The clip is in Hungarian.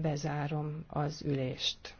bezárom az ülést.